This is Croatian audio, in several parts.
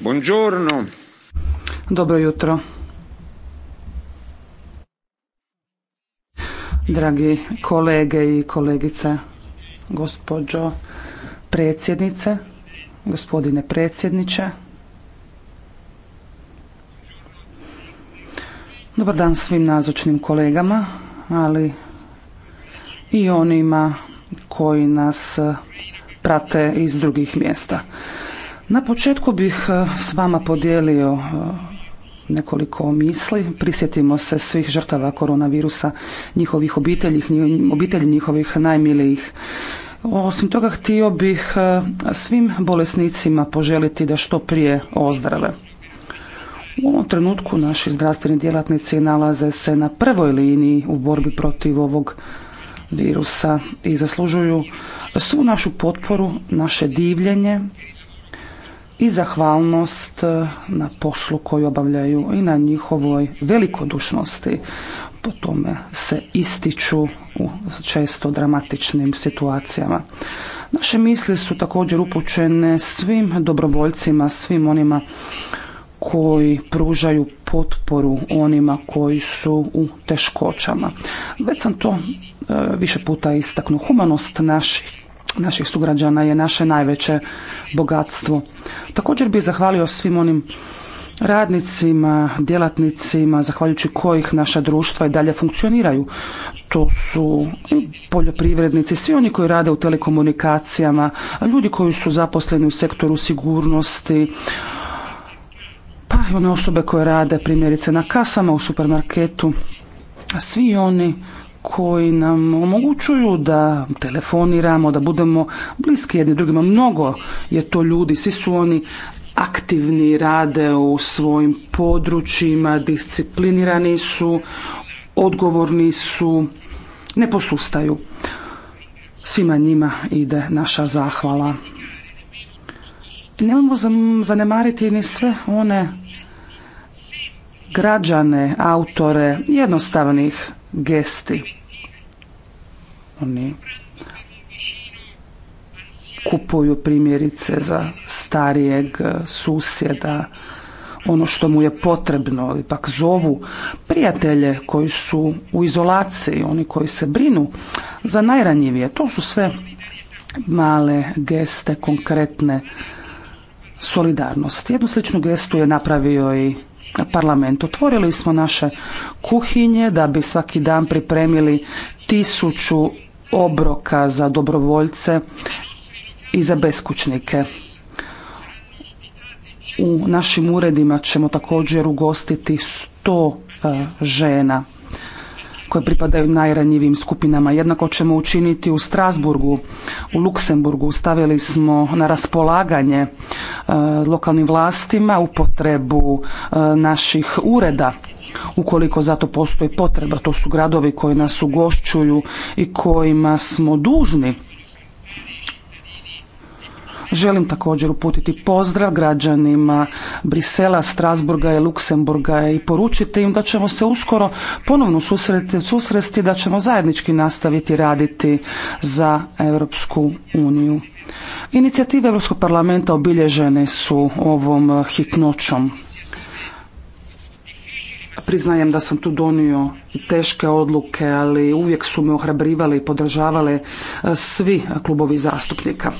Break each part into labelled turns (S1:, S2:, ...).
S1: Buongiorno. Dobro jutro. Dragi kolege i kolegice, gospođo predsjednice, gospodine predsjedniče. Dobar dan svim nazočnim kolegama, ali i onima koji nas prate iz drugih mjesta. Na početku bih e, s vama podijelio e, nekoliko misli. Prisjetimo se svih žrtava koronavirusa, njihovih obitelji, obitelji njihovih najmilijih. Osim toga htio bih e, svim bolesnicima poželiti da što prije ozdrave. U ovom trenutku naši zdravstveni djelatnici nalaze se na prvoj liniji u borbi protiv ovog virusa i zaslužuju svu našu potporu, naše divljenje i zahvalnost e, na poslu koji obavljaju i na njihovoj velikodušnosti. Po tome se ističu u često dramatičnim situacijama. Naše misli su također upućene svim dobrovoljcima, svim onima koji pružaju potporu onima koji su u teškoćama. Već sam to e, više puta istaknu. Humanost naših naših sugrađana je naše najveće bogatstvo. Također bih zahvalio svim onim radnicima, djelatnicima, zahvaljujući kojih naša društva i dalje funkcioniraju. To su poljoprivrednici, svi oni koji rade u telekomunikacijama, ljudi koji su zaposleni u sektoru sigurnosti, pa i one osobe koje rade primjerice na kasama u supermarketu, svi oni koji nam omogućuju da telefoniramo, da budemo bliski jedni drugima. Mnogo je to ljudi, svi su oni aktivni, rade u svojim područjima, disciplinirani su, odgovorni su, ne posustaju. Svima njima ide naša zahvala. Nemojmo zanemariti ni sve one građane, autore jednostavnih gesti. Oni kupuju primjerice za starijeg susjeda ono što mu je potrebno, ipak zovu prijatelje koji su u izolaciji, oni koji se brinu za najranjivije. To su sve male geste, konkretne solidarnosti. Jednu sličnu gestu je napravio i parlamentu. Otvorili smo naše kuhinje da bi svaki dan pripremili tisuću obroka za dobrovoljce i za beskućnike. U našim uredima ćemo također ugostiti sto e, žena koje pripadaju najranjivim skupinama. Jednako ćemo učiniti u Strasburgu, u Luksemburgu. Stavili smo na raspolaganje e, lokalnim vlastima u potrebu e, naših ureda ukoliko za to postoji potreba. To su gradovi koji nas ugošćuju i kojima smo dužni Želim također uputiti pozdrav građanima Brisela, Strasburga i Luksemburga i poručiti im da ćemo se uskoro ponovno susresti, da ćemo zajednički nastaviti raditi za Europsku uniju. Inicijative Europskog parlamenta obilježene su ovom hitnoćom. Priznajem da sam tu donio teške odluke, ali uvijek su me ohrabrivali i podržavali e, svi klubovi zastupnika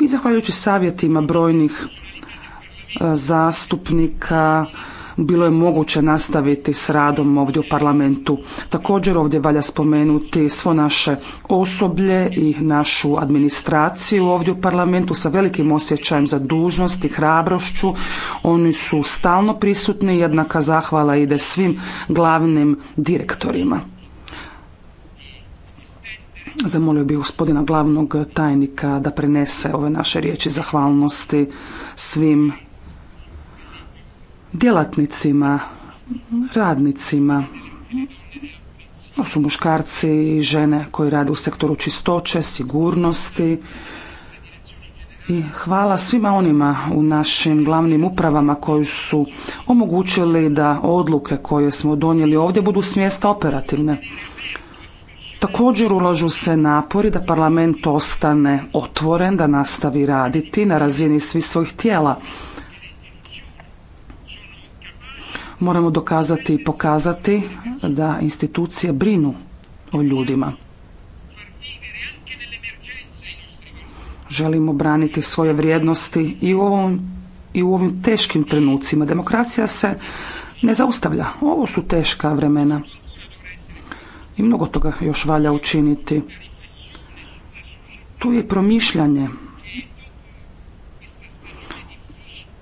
S1: i zahvaljujući savjetima brojnih e, zastupnika bilo je moguće nastaviti s radom ovdje u parlamentu. Također ovdje valja spomenuti svo naše osoblje i našu administraciju ovdje u parlamentu sa velikim osjećajem za dužnost i hrabrošću. Oni su stalno prisutni, jednaka zahvala ide svim glavnim direktorima. Zamolio bih gospodina glavnog tajnika da prenese ove naše riječi zahvalnosti svim djelatnicima, radnicima, to su muškarci i žene koji rade u sektoru čistoće, sigurnosti. I hvala svima onima u našim glavnim upravama koji su omogućili da odluke koje smo donijeli ovdje budu smjesta operativne. Također ulažu se napori da parlament ostane otvoren, da nastavi raditi na razini svih svojih tijela. Moramo dokazati i pokazati da institucije brinu o ljudima. Želimo braniti svoje vrijednosti i u, ovom, i u ovim teškim trenucima. Demokracija se ne zaustavlja. Ovo su teška vremena mnogo toga još valja učiniti. Tu je promišljanje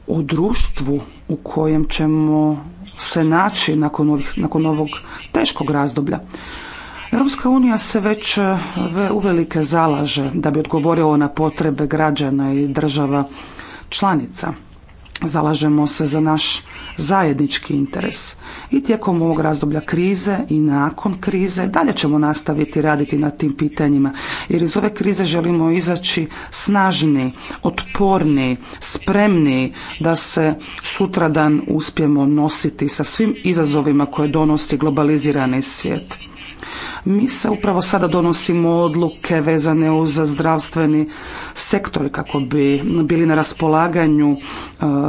S1: o društvu u kojem ćemo se naći nakon, ovih, nakon ovog teškog razdoblja. Europska unija se već uvelike zalaže da bi odgovorila na potrebe građana i država članica. Zalažemo se za naš zajednički interes i tijekom ovog razdoblja krize i nakon krize dalje ćemo nastaviti raditi na tim pitanjima jer iz ove krize želimo izaći snažni, otporni, spremni da se sutradan uspijemo nositi sa svim izazovima koje donosi globalizirani svijet. Mi se upravo sada donosimo odluke vezane uz zdravstveni sektor kako bi bili na raspolaganju e,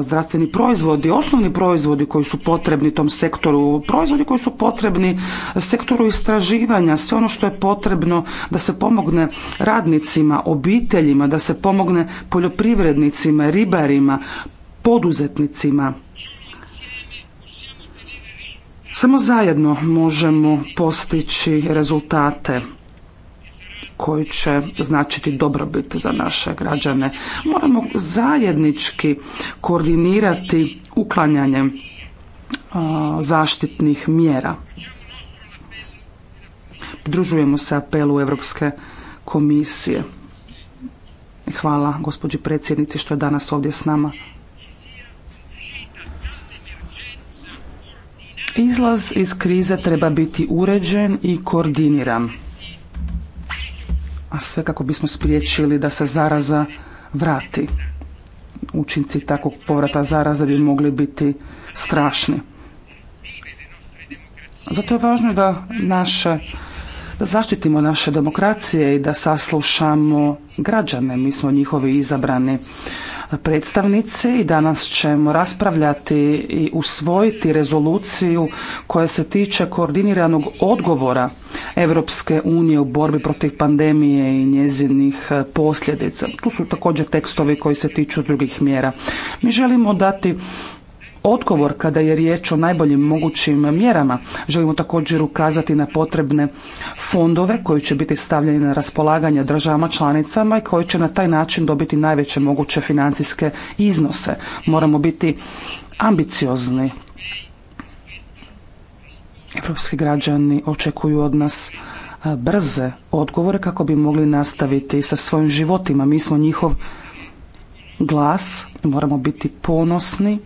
S1: zdravstveni proizvodi, osnovni proizvodi koji su potrebni tom sektoru, proizvodi koji su potrebni sektoru istraživanja, sve ono što je potrebno da se pomogne radnicima, obiteljima, da se pomogne poljoprivrednicima, ribarima, poduzetnicima. Samo zajedno možemo postići rezultate koji će značiti dobrobit za naše građane. Moramo zajednički koordinirati uklanjanjem zaštitnih mjera. Pridružujemo se apelu Europske komisije. Hvala gospođi predsjednici što je danas ovdje s nama. Izlaz iz krize treba biti uređen i koordiniran. A sve kako bismo spriječili da se zaraza vrati. Učinci takvog povrata zaraze bi mogli biti strašni. Zato je važno da naše zaštitimo naše demokracije i da saslušamo građane. Mi smo njihovi izabrani predstavnici i danas ćemo raspravljati i usvojiti rezoluciju koja se tiče koordiniranog odgovora Europske unije u borbi protiv pandemije i njezinih posljedica. Tu su također tekstovi koji se tiču drugih mjera. Mi želimo dati odgovor kada je riječ o najboljim mogućim mjerama. Želimo također ukazati na potrebne fondove koji će biti stavljeni na raspolaganje državama članicama i koji će na taj način dobiti najveće moguće financijske iznose. Moramo biti ambiciozni. Evropski građani očekuju od nas brze odgovore kako bi mogli nastaviti sa svojim životima. Mi smo njihov glas, moramo biti ponosni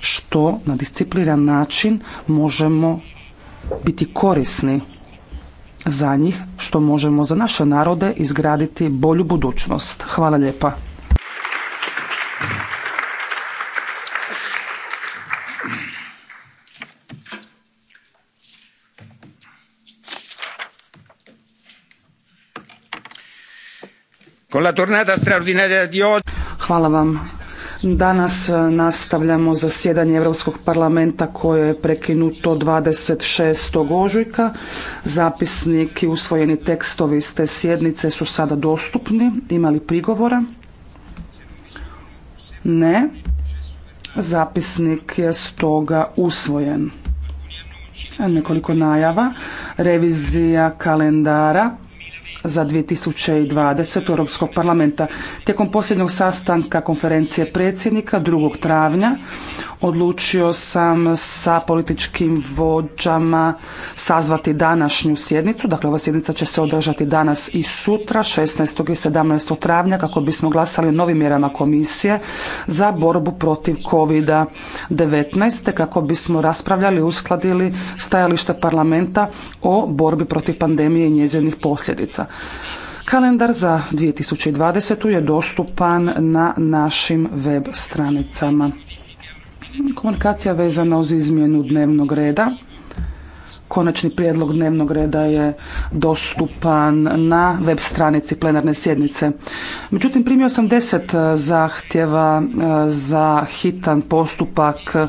S1: što na discipliran način možemo biti korisni za njih, što možemo za naše narode izgraditi bolju budućnost. Hvala lijepa. Hvala vam Danas e, nastavljamo zasjedanje Europskog parlamenta koje je prekinuto 26. ožujka. Zapisnik i usvojeni tekstovi iz te sjednice su sada dostupni. Imali prigovora? Ne. Zapisnik je stoga usvojen. Nekoliko najava. Revizija kalendara za 2020 Europskog parlamenta. Tijekom posljednjeg sastanka konferencije predsjednika 2. travnja odlučio sam sa političkim vođama sazvati današnju sjednicu. Dakle, ova sjednica će se održati danas i sutra, 16. i 17. travnja, kako bismo glasali o novim mjerama komisije za borbu protiv COVID-19, kako bismo raspravljali i uskladili stajalište parlamenta o borbi protiv pandemije i njezinih posljedica. Kalendar za 2020. je dostupan na našim web stranicama. Komunikacija vezana uz izmjenu dnevnog reda. Konačni prijedlog dnevnog reda je dostupan na web stranici plenarne sjednice. Međutim, primio sam deset e, zahtjeva e, za hitan postupak e,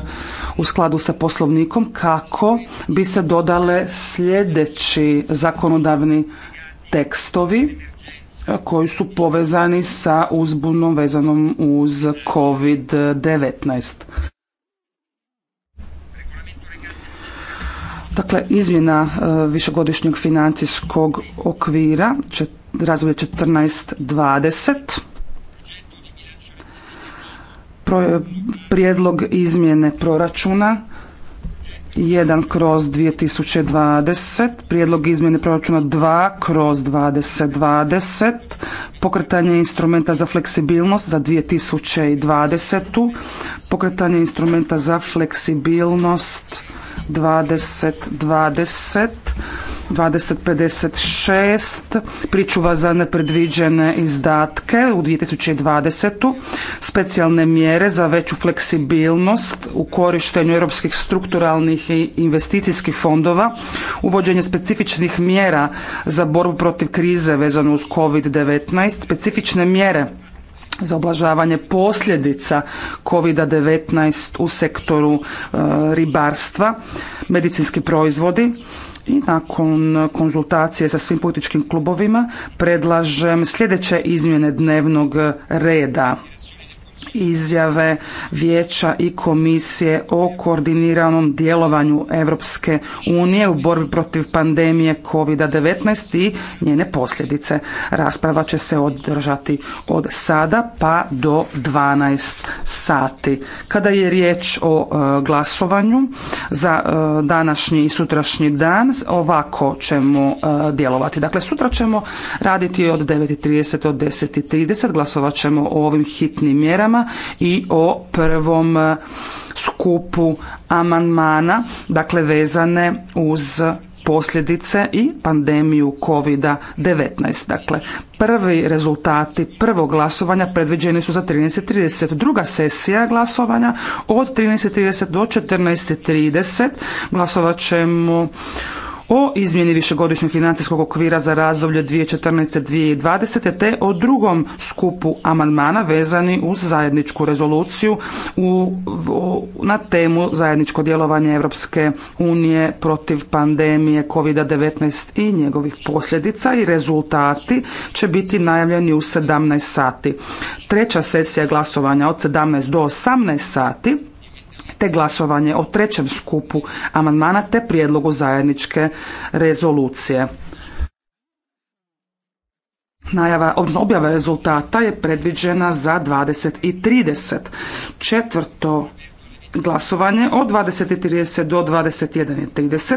S1: u skladu sa poslovnikom kako bi se dodale sljedeći zakonodavni tekstovi koji su povezani sa uzbunom vezanom uz COVID-19. Dakle, izmjena e, višegodišnjeg financijskog okvira, razdoblje 14-20, prijedlog izmjene proračuna 1 kroz 2020, prijedlog izmjene proračuna 2 kroz 2020, pokretanje instrumenta za fleksibilnost za 2020, pokretanje instrumenta za fleksibilnost 2020, 2056, pričuva za nepredviđene izdatke u 2020. Specijalne mjere za veću fleksibilnost u korištenju europskih strukturalnih i investicijskih fondova, uvođenje specifičnih mjera za borbu protiv krize vezano uz COVID-19, specifične mjere za oblažavanje posljedica COVID-19 u sektoru e, ribarstva, medicinski proizvodi i nakon konzultacije sa svim političkim klubovima predlažem sljedeće izmjene dnevnog reda izjave Vijeća i Komisije o koordiniranom djelovanju Europske unije u borbi protiv pandemije COVID-19 i njene posljedice. Rasprava će se održati od sada pa do 12 sati. Kada je riječ o e, glasovanju za e, današnji i sutrašnji dan, ovako ćemo e, djelovati. Dakle, sutra ćemo raditi od 9.30 do 10.30, glasovat ćemo o ovim hitnim mjerama i o prvom e, skupu amandmana, dakle vezane uz posljedice i pandemiju COVID-19. Dakle, prvi rezultati prvog glasovanja predviđeni su za 13.30. Druga sesija glasovanja od 13.30 do 14.30 glasovat ćemo o izmjeni višegodišnjeg financijskog okvira za razdoblje 2014-2020 te o drugom skupu amandmana vezani uz zajedničku rezoluciju u, na temu zajedničko djelovanje Europske unije protiv pandemije COVID-19 i njegovih posljedica i rezultati će biti najavljeni u 17 sati. Treća sesija glasovanja od 17 do 18 sati te glasovanje o trećem skupu amandmana te prijedlogu zajedničke rezolucije. Najava, odnosno objava rezultata je predviđena za 2030. i Četvrto glasovanje od 20.30 do 21.30.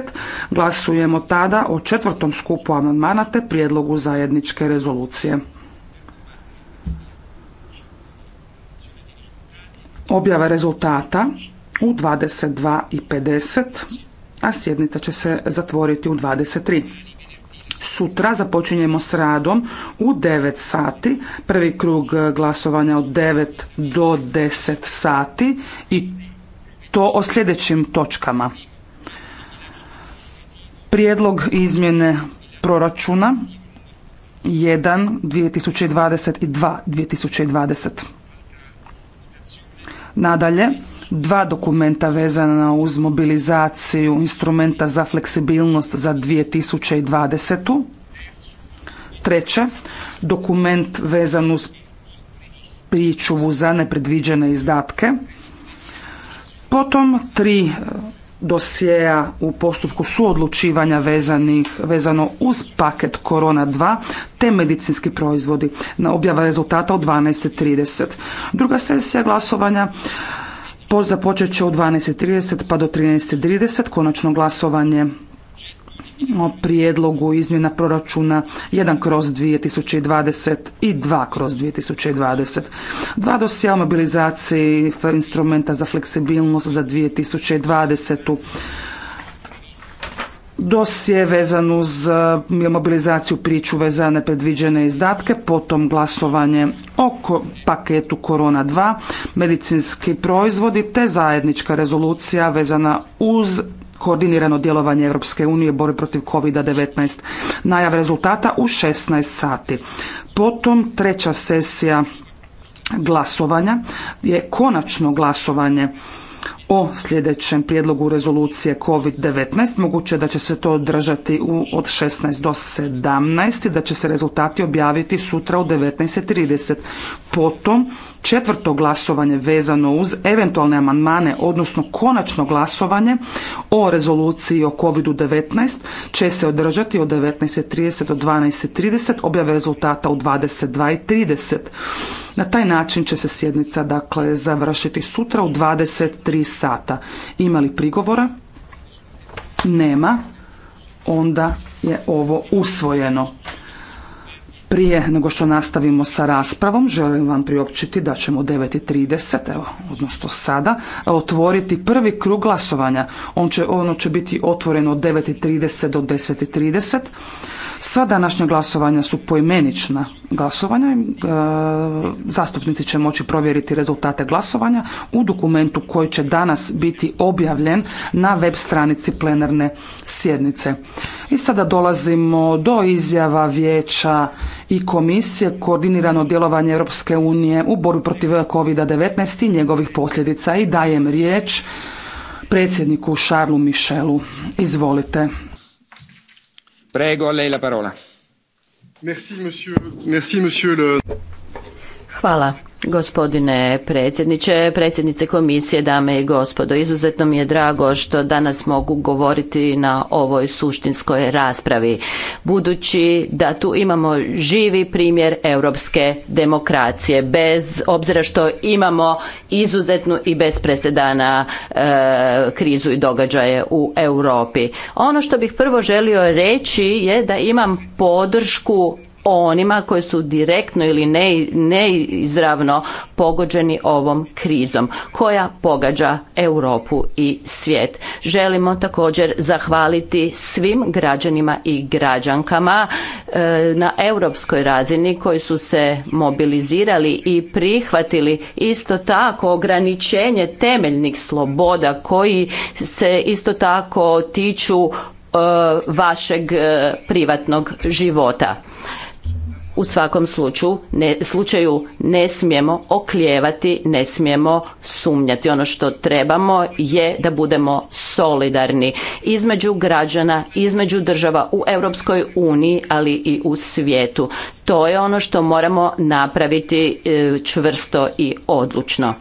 S1: Glasujemo tada o četvrtom skupu amandmana te prijedlogu zajedničke rezolucije. Objava rezultata u 22.50, a sjednica će se zatvoriti u 23. Sutra započinjemo s radom u 9 sati, prvi krug glasovanja od 9 do 10 sati i to o sljedećim točkama. Prijedlog izmjene proračuna 1 2020 i 2 2020. Nadalje, dva dokumenta vezana uz mobilizaciju instrumenta za fleksibilnost za 2020. Treće, dokument vezan uz pričuvu za nepredviđene izdatke. Potom tri e, dosjeja u postupku suodlučivanja vezanih, vezano uz paket Korona 2 te medicinski proizvodi na objava rezultata u 12.30. Druga sesija glasovanja to započet će u 12.30 pa do 13.30 konačno glasovanje o prijedlogu izmjena proračuna 1 kroz 2020 i 2 kroz 2020. Dva dosija o mobilizaciji instrumenta za fleksibilnost za 2020 dosje vezan uz e, mobilizaciju pričuve za predviđene izdatke, potom glasovanje o paketu Korona 2, medicinski proizvodi te zajednička rezolucija vezana uz koordinirano djelovanje Europske unije borbi protiv COVID-19. Najav rezultata u 16 sati. Potom treća sesija glasovanja je konačno glasovanje o sljedećem prijedlogu rezolucije COVID-19. Moguće da će se to održati od 16 do 17 i da će se rezultati objaviti sutra u 19.30. Potom četvrto glasovanje vezano uz eventualne amandmane, odnosno konačno glasovanje o rezoluciji o COVID-19 će se održati od 19.30 do 12.30, objave rezultata u 22.30. Na taj način će se sjednica dakle završiti sutra u 23 sata. Ima li prigovora? Nema. Onda je ovo usvojeno. Prije nego što nastavimo sa raspravom, želim vam priopćiti da ćemo u 9.30, evo, odnosno sada, otvoriti prvi krug glasovanja. ono će biti otvoreno od 9.30 do 10.30. Sva današnja glasovanja su poimenična glasovanja. E, zastupnici će moći provjeriti rezultate glasovanja u dokumentu koji će danas biti objavljen na web stranici plenarne sjednice. I sada dolazimo do izjava vijeća i komisije koordinirano djelovanje Europske unije u borbi protiv COVID-19 i njegovih posljedica i dajem riječ predsjedniku Šarlu Mišelu. Izvolite. Prego, lei parola. Merci,
S2: Hvala Gospodine predsjedniče, predsjednice komisije, dame i gospodo, izuzetno mi je drago što danas mogu govoriti na ovoj suštinskoj raspravi, budući da tu imamo živi primjer europske demokracije, bez obzira što imamo izuzetnu i bez presedana e, krizu i događaje u Europi. Ono što bih prvo želio reći je da imam podršku onima koji su direktno ili neizravno pogođeni ovom krizom koja pogađa Europu i svijet. Želimo također zahvaliti svim građanima i građankama e, na europskoj razini koji su se mobilizirali i prihvatili isto tako ograničenje temeljnih sloboda koji se isto tako tiču e, vašeg e, privatnog života u svakom slučaju ne, slučaju ne smijemo oklijevati, ne smijemo sumnjati. Ono što trebamo je da budemo solidarni između građana, između država u Europskoj uniji, ali i u svijetu. To je ono što moramo napraviti e, čvrsto i odlučno.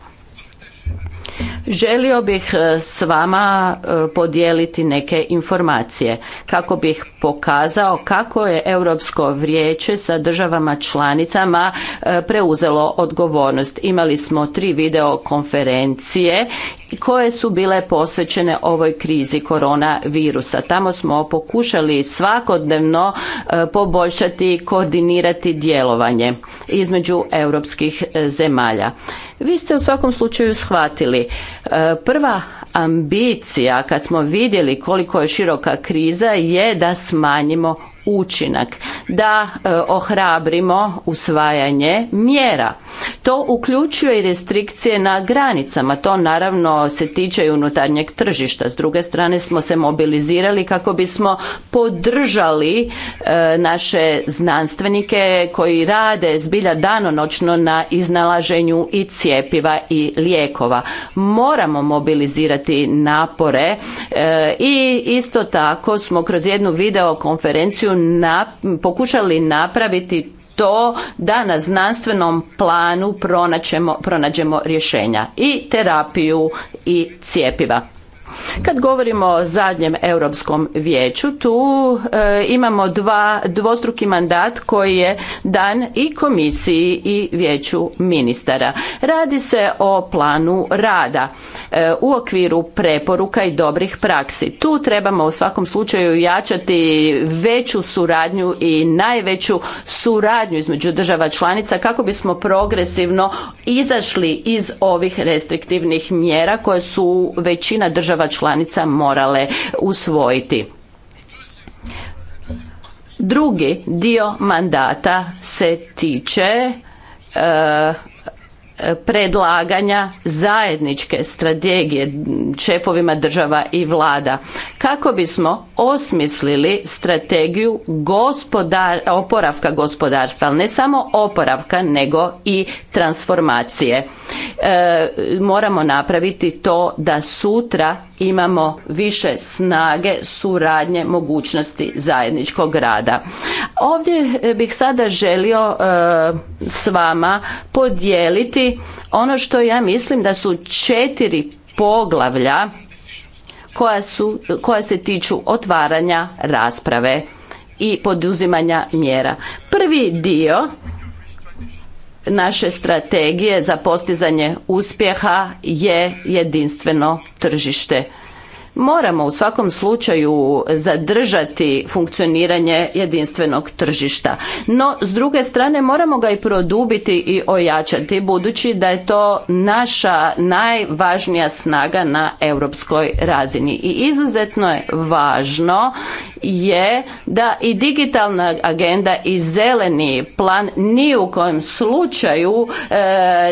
S2: Želio bih e, s vama e, podijeliti neke informacije kako bih pokazao kako je Europsko vijeće sa državama članicama e, preuzelo odgovornost. Imali smo tri videokonferencije koje su bile posvećene ovoj krizi koronavirusa. Tamo smo pokušali svakodnevno poboljšati i koordinirati djelovanje između europskih zemalja. Vi ste u svakom slučaju shvatili. E, prva ambicija kad smo vidjeli koliko je široka kriza je da smanjimo učinak da e, ohrabrimo usvajanje mjera to uključuje i restrikcije na granicama to naravno se tiče i unutarnjeg tržišta s druge strane smo se mobilizirali kako bismo podržali e, naše znanstvenike koji rade zbilja danonoćno na iznalaženju i cjepiva i lijekova moramo mobilizirati napore e, i isto tako smo kroz jednu videokonferenciju na, pokušali napraviti to da na znanstvenom planu pronađemo, pronađemo rješenja i terapiju i cijepiva. Kad govorimo o zadnjem Europskom vijeću, tu e, imamo dva, dvostruki mandat koji je dan i komisiji i vijeću ministara. Radi se o planu rada e, u okviru preporuka i dobrih praksi. Tu trebamo u svakom slučaju jačati veću suradnju i najveću suradnju između država članica kako bismo progresivno izašli iz ovih restriktivnih mjera koje su većina država članica morale usvojiti. Drugi dio mandata se tiče e, E, predlaganja zajedničke strategije šefovima država i vlada kako bismo osmislili strategiju gospodar, oporavka gospodarstva, ali ne samo oporavka nego i transformacije. E, moramo napraviti to da sutra imamo više snage, suradnje, mogućnosti zajedničkog rada. Ovdje bih sada želio e, s vama podijeliti ono što ja mislim da su četiri poglavlja koja, su, koja se tiču otvaranja rasprave i poduzimanja mjera. Prvi dio naše strategije za postizanje uspjeha je jedinstveno tržište Moramo u svakom slučaju zadržati funkcioniranje jedinstvenog tržišta. No, s druge strane, moramo ga i produbiti i ojačati, budući da je to naša najvažnija snaga na europskoj razini. I izuzetno je važno je da i digitalna agenda i zeleni plan ni u kojem slučaju e,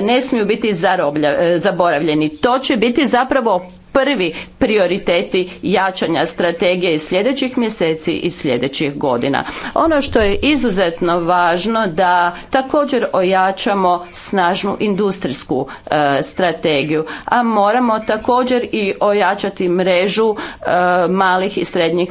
S2: ne smiju biti e, zaboravljeni. To će biti zapravo prvi prioriteti jačanja strategije iz sljedećih mjeseci i sljedećih godina. Ono što je izuzetno važno da također ojačamo snažnu industrijsku e, strategiju, a moramo također i ojačati mrežu e, malih i srednjih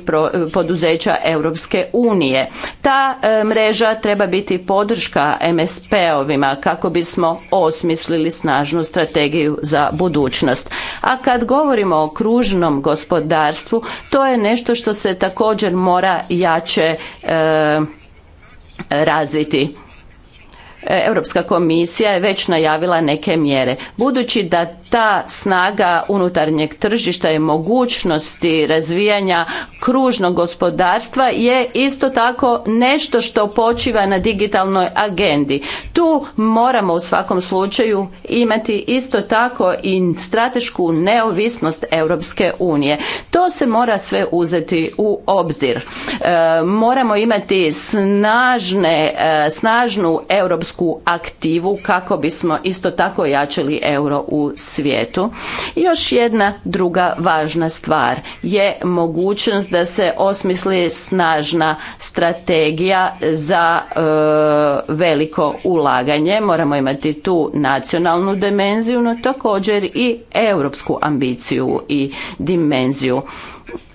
S2: poduzeća Europske unije. Ta e, mreža treba biti podrška MSP-ovima kako bismo osmislili snažnu strategiju za budućnost. A kad govorimo govorimo o kružnom gospodarstvu, to je nešto što se također mora jače e, razviti. E, Europska komisija je već najavila neke mjere. Budući da ta snaga unutarnjeg tržišta i mogućnosti razvijanja kružnog gospodarstva je isto tako nešto što počiva na digitalnoj agendi. Tu moramo u svakom slučaju imati isto tako i stratešku neovisnost Europske unije. To se mora sve uzeti u obzir. E, moramo imati snažne, e, snažnu europsku aktivu kako bismo isto tako jačili euro u svijetu. Još jedna druga važna stvar je mogućnost da se osmisli snažna strategija za e, veliko ulaganje. Moramo imati tu nacionalnu dimenziju, no također i europsku ambiciju i dimenziju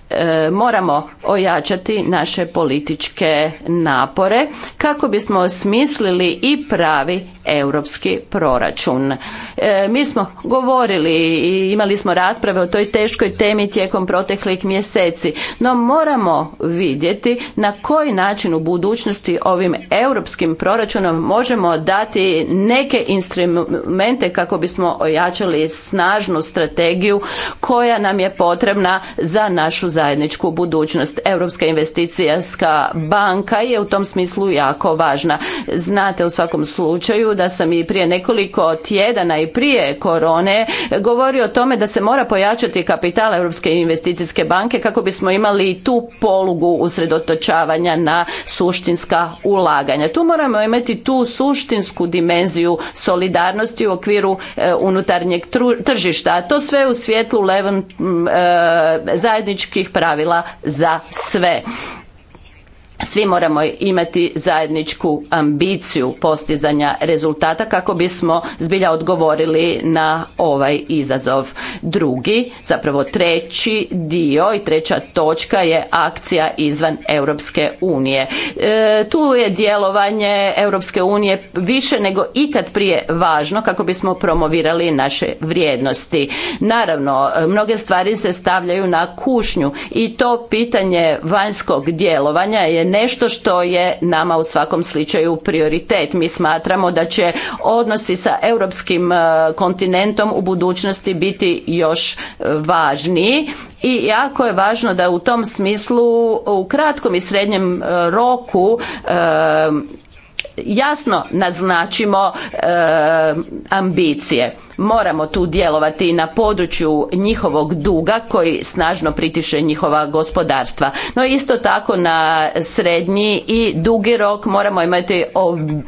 S2: E, moramo ojačati naše političke napore kako bismo osmislili i pravi europski proračun. E, mi smo govorili i imali smo rasprave o toj teškoj temi tijekom proteklih mjeseci, no moramo vidjeti na koji način u budućnosti ovim europskim proračunom možemo dati neke instrumente kako bismo ojačali snažnu strategiju koja nam je potrebna za našu zajedničku budućnost. Europska investicijska banka je u tom smislu jako važna. Znate u svakom slučaju da sam i prije nekoliko tjedana i prije korone govorio o tome da se mora pojačati kapital Europske investicijske banke kako bismo imali tu polugu usredotočavanja na suštinska ulaganja. Tu moramo imati tu suštinsku dimenziju solidarnosti u okviru e, unutarnjeg tržišta, a to sve u svijetlu levan, e, zajedničkih pravila za sve svi moramo imati zajedničku ambiciju postizanja rezultata kako bismo zbilja odgovorili na ovaj izazov. Drugi, zapravo treći dio i treća točka je akcija izvan Europske unije. E, tu je djelovanje Europske unije više nego ikad prije važno kako bismo promovirali naše vrijednosti. Naravno, mnoge stvari se stavljaju na kušnju i to pitanje vanjskog djelovanja je nešto što je nama u svakom slučaju prioritet. Mi smatramo da će odnosi sa europskim e, kontinentom u budućnosti biti još e, važniji i jako je važno da u tom smislu u kratkom i srednjem e, roku jasno naznačimo e, ambicije. Moramo tu djelovati na području njihovog duga koji snažno pritiše njihova gospodarstva. No isto tako na srednji i dugi rok moramo imati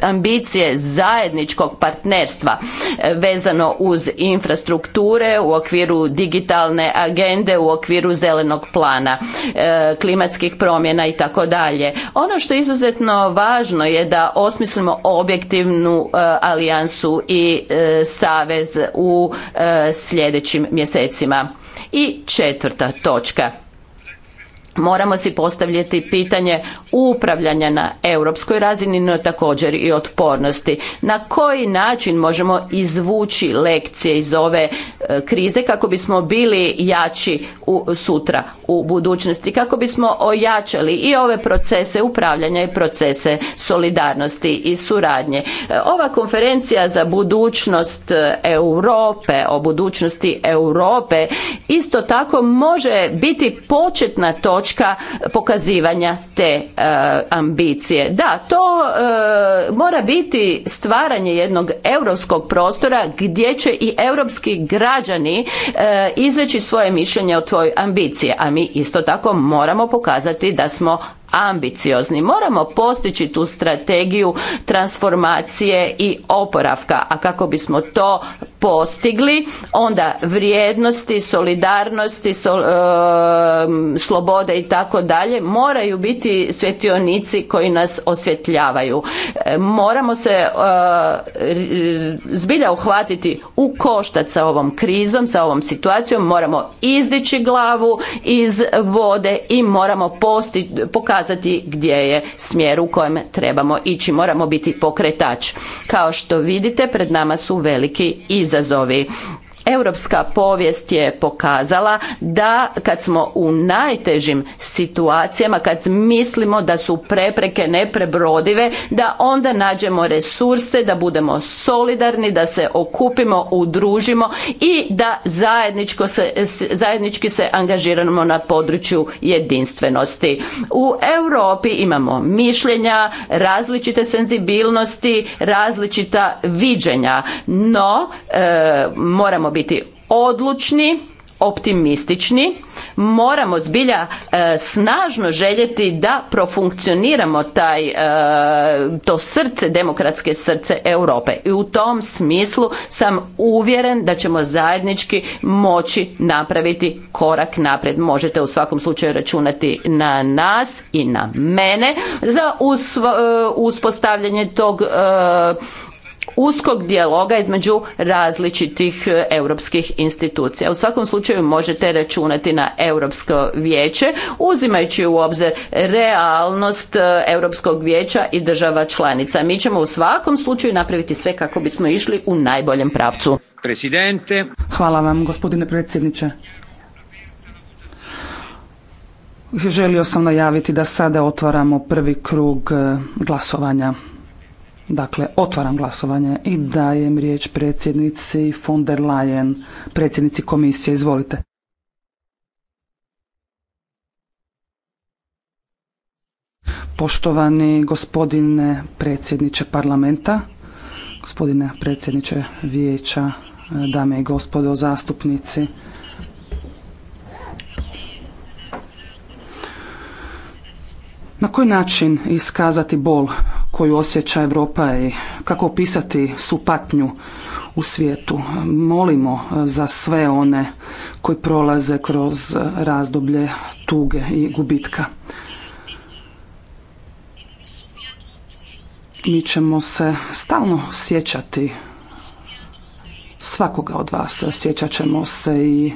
S2: ambicije zajedničkog partnerstva e, vezano uz infrastrukture u okviru digitalne agende, u okviru zelenog plana, e, klimatskih promjena i tako dalje. Ono što je izuzetno važno je da osnovno Mislimo objektivnu e, alijansu i e, savez u e, sljedećim mjesecima. I četvrta točka Moramo si postavljati pitanje upravljanja na europskoj razini, no također i otpornosti. Na koji način možemo izvući lekcije iz ove e, krize kako bismo bili jači u, sutra, u budućnosti, kako bismo ojačali i ove procese upravljanja i procese solidarnosti i suradnje. E, ova konferencija za budućnost e, Europe, o budućnosti Europe, isto tako može biti početna točka pokazivanja te e, ambicije. Da, to e, mora biti stvaranje jednog europskog prostora gdje će i europski građani e, izreći svoje mišljenje o tvojoj ambiciji, a mi isto tako moramo pokazati da smo ambiciozni. Moramo postići tu strategiju transformacije i oporavka, a kako bismo to postigli, onda vrijednosti, solidarnosti, e, slobode i tako dalje moraju biti svjetionici koji nas osvjetljavaju. E, moramo se e, zbilja uhvatiti u koštac sa ovom krizom, sa ovom situacijom, moramo izdići glavu iz vode i moramo postići, pokazati gdje je smjer u kojem trebamo ići. Moramo biti pokretač. Kao što vidite, pred nama su veliki izazovi Europska povijest je pokazala da kad smo u najtežim situacijama, kad mislimo da su prepreke neprebrodive, da onda nađemo resurse, da budemo solidarni, da se okupimo, udružimo i da zajednički se angažiramo na području jedinstvenosti. U Europi imamo mišljenja, različite senzibilnosti, različita viđenja, no e, moramo biti odlučni optimistični moramo zbilja e, snažno željeti da profunkcioniramo taj e, to srce demokratske srce Europe i u tom smislu sam uvjeren da ćemo zajednički moći napraviti korak naprijed možete u svakom slučaju računati na nas i na mene za e, uspostavljanje tog uskog dijaloga između različitih e, europskih institucija. U svakom slučaju možete računati na Europsko vijeće uzimajući u obzir realnost e, Europskog vijeća i država članica. Mi ćemo u svakom slučaju napraviti sve kako bismo išli u najboljem
S1: pravcu. Presidente. Hvala vam gospodine predsjedniče. Želio sam najaviti da sada otvaramo prvi krug e, glasovanja. Dakle, otvaram glasovanje i dajem riječ predsjednici von der Leyen, predsjednici komisije. Izvolite. Poštovani gospodine predsjedniče parlamenta, gospodine predsjedniče vijeća, dame i gospodo zastupnici, na koji način iskazati bol koju osjeća Europa i kako opisati su patnju u svijetu. Molimo e, za sve one koji prolaze kroz e, razdoblje tuge i gubitka. Mi ćemo se stalno sjećati svakoga od vas. Sjećat ćemo se i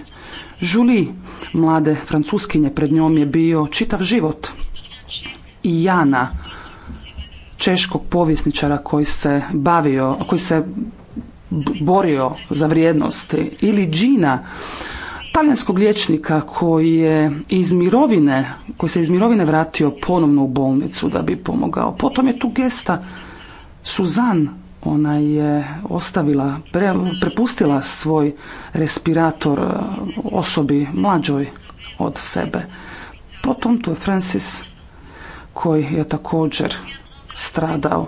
S1: Julie, mlade francuskinje, pred njom je bio čitav život. I Jana, češkog povjesničara koji se bavio, koji se borio za vrijednosti ili Džina, talijanskog liječnika koji je iz mirovine, koji se iz mirovine vratio ponovno u bolnicu da bi pomogao. Potom je tu gesta Suzan, ona je ostavila, prepustila svoj respirator e, osobi mlađoj od sebe. Potom tu je Francis koji je također stradao.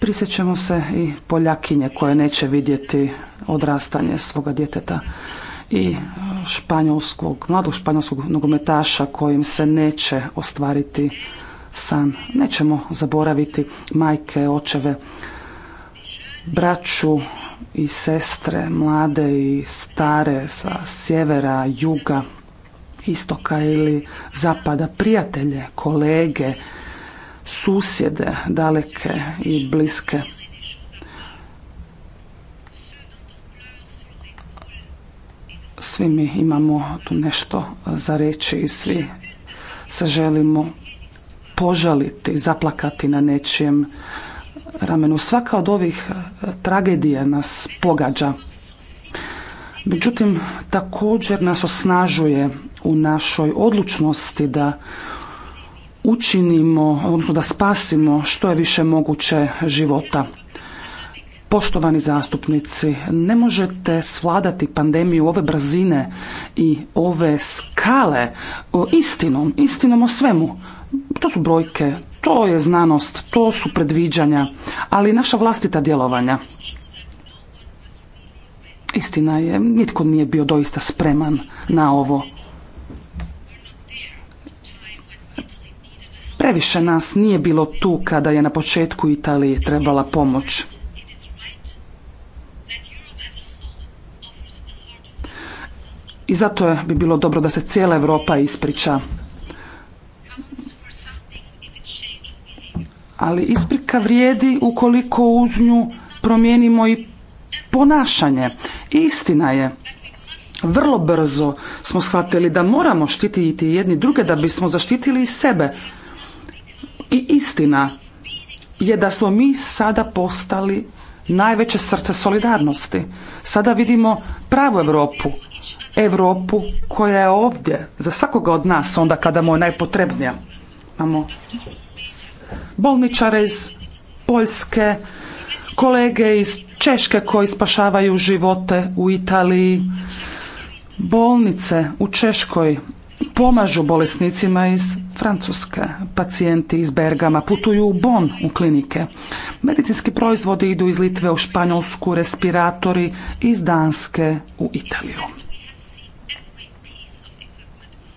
S1: Prisjećamo se i Poljakinje koje neće vidjeti odrastanje svoga djeteta i španjolskog, mladog španjolskog nogometaša kojim se neće ostvariti san. Nećemo zaboraviti majke, očeve, braću i sestre, mlade i stare sa sjevera, juga, istoka ili zapada, prijatelje, kolege, susjede daleke i bliske. Svi mi imamo tu nešto e, za reći i svi se želimo požaliti, zaplakati na nečijem ramenu. Svaka od ovih e, tragedija nas pogađa. Međutim, također nas osnažuje u našoj odlučnosti da učinimo, odnosno da spasimo što je više moguće života. Poštovani zastupnici, ne možete svladati pandemiju ove brzine i ove skale o istinom, istinom o svemu. To su brojke, to je znanost, to su predviđanja, ali i naša vlastita djelovanja. Istina je, nitko nije bio doista spreman na ovo. Previše nas nije bilo tu kada je na početku Italije trebala pomoć. I zato je, bi bilo dobro da se cijela Europa ispriča. Ali isprika vrijedi ukoliko uz nju promijenimo i ponašanje. Istina je. Vrlo brzo smo shvatili da moramo štititi jedni druge da bismo zaštitili i sebe. I istina je da smo mi sada postali najveće srce solidarnosti. Sada vidimo pravu Europu, Europu koja je ovdje za svakoga od nas onda kada mu je najpotrebnija. Imamo bolničare iz Poljske, kolege iz Češke koji spašavaju živote u Italiji, bolnice u Češkoj pomažu bolesnicima iz Francuske. Pacijenti iz Bergama putuju u Bon u klinike. Medicinski proizvodi idu iz Litve u Španjolsku, respiratori iz Danske u Italiju.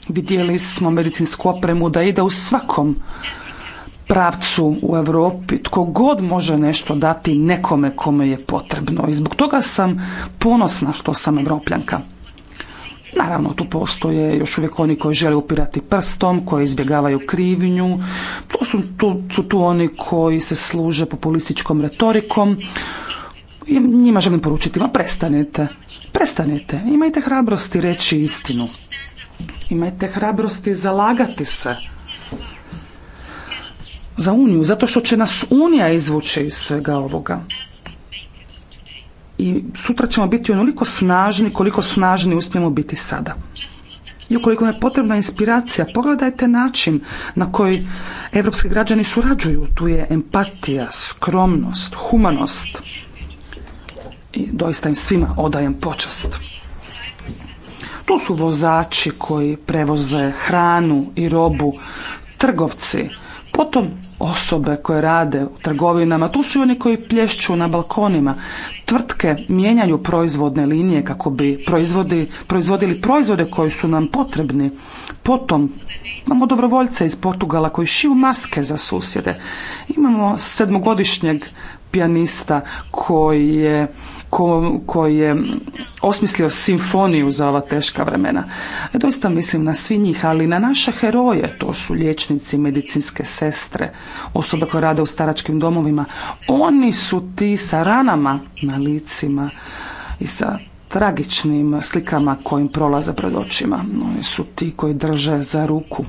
S1: Vidjeli smo medicinsku opremu da ide u svakom pravcu u Europi. Tko god može nešto dati nekome kome je potrebno. I zbog toga sam ponosna što sam Evropljanka. Naravno, tu postoje još uvijek oni koji žele upirati prstom, koji izbjegavaju krivnju. to su, tu su tu oni koji se služe populističkom retorikom. I njima želim poručiti, ma prestanete, prestanete, imajte hrabrosti reći istinu. Imajte hrabrosti zalagati se za Uniju, zato što će nas Unija izvući iz svega ovoga i sutra ćemo biti onoliko snažni koliko snažni uspijemo biti sada. I ukoliko je potrebna inspiracija, pogledajte način na koji evropski građani surađuju. Tu je empatija, skromnost, humanost. I doista im svima odajem počast. Tu su vozači koji prevoze hranu i robu, trgovci, Potom osobe koje rade u trgovinama, tu su i oni koji plješću na balkonima. Tvrtke mijenjaju proizvodne linije kako bi proizvodi, proizvodili proizvode koji su nam potrebni. Potom imamo dobrovoljce iz Portugala koji šiju maske za susjede. Imamo sedmogodišnjeg pijanista koji je koji je osmislio simfoniju za ova teška vremena. E, doista mislim na svi njih, ali na naše heroje, to su liječnici, medicinske sestre, osobe koje rade u staračkim domovima. Oni su ti sa ranama na licima i sa tragičnim slikama kojim prolaze pred očima. Oni su ti koji drže za ruku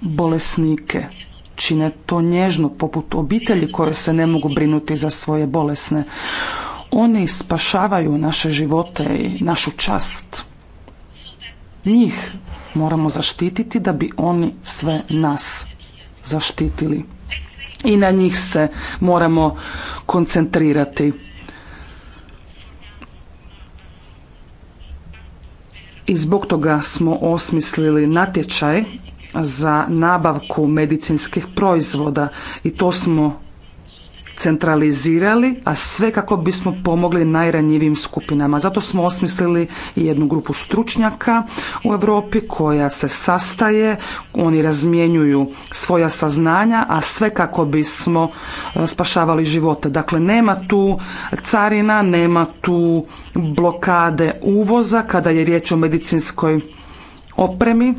S1: bolesnike, čine to nježno, poput obitelji koje se ne mogu brinuti za svoje bolesne. Oni spašavaju naše živote i našu čast. Njih moramo zaštititi da bi oni sve nas zaštitili. I na njih se moramo koncentrirati. I zbog toga smo osmislili natječaj za nabavku medicinskih proizvoda i to smo centralizirali, a sve kako bismo pomogli najranjivim skupinama. Zato smo osmislili i jednu grupu stručnjaka u Europi koja se sastaje, oni razmjenjuju svoja saznanja, a sve kako bismo e, spašavali živote. Dakle, nema tu carina, nema tu blokade uvoza kada je riječ o medicinskoj opremi,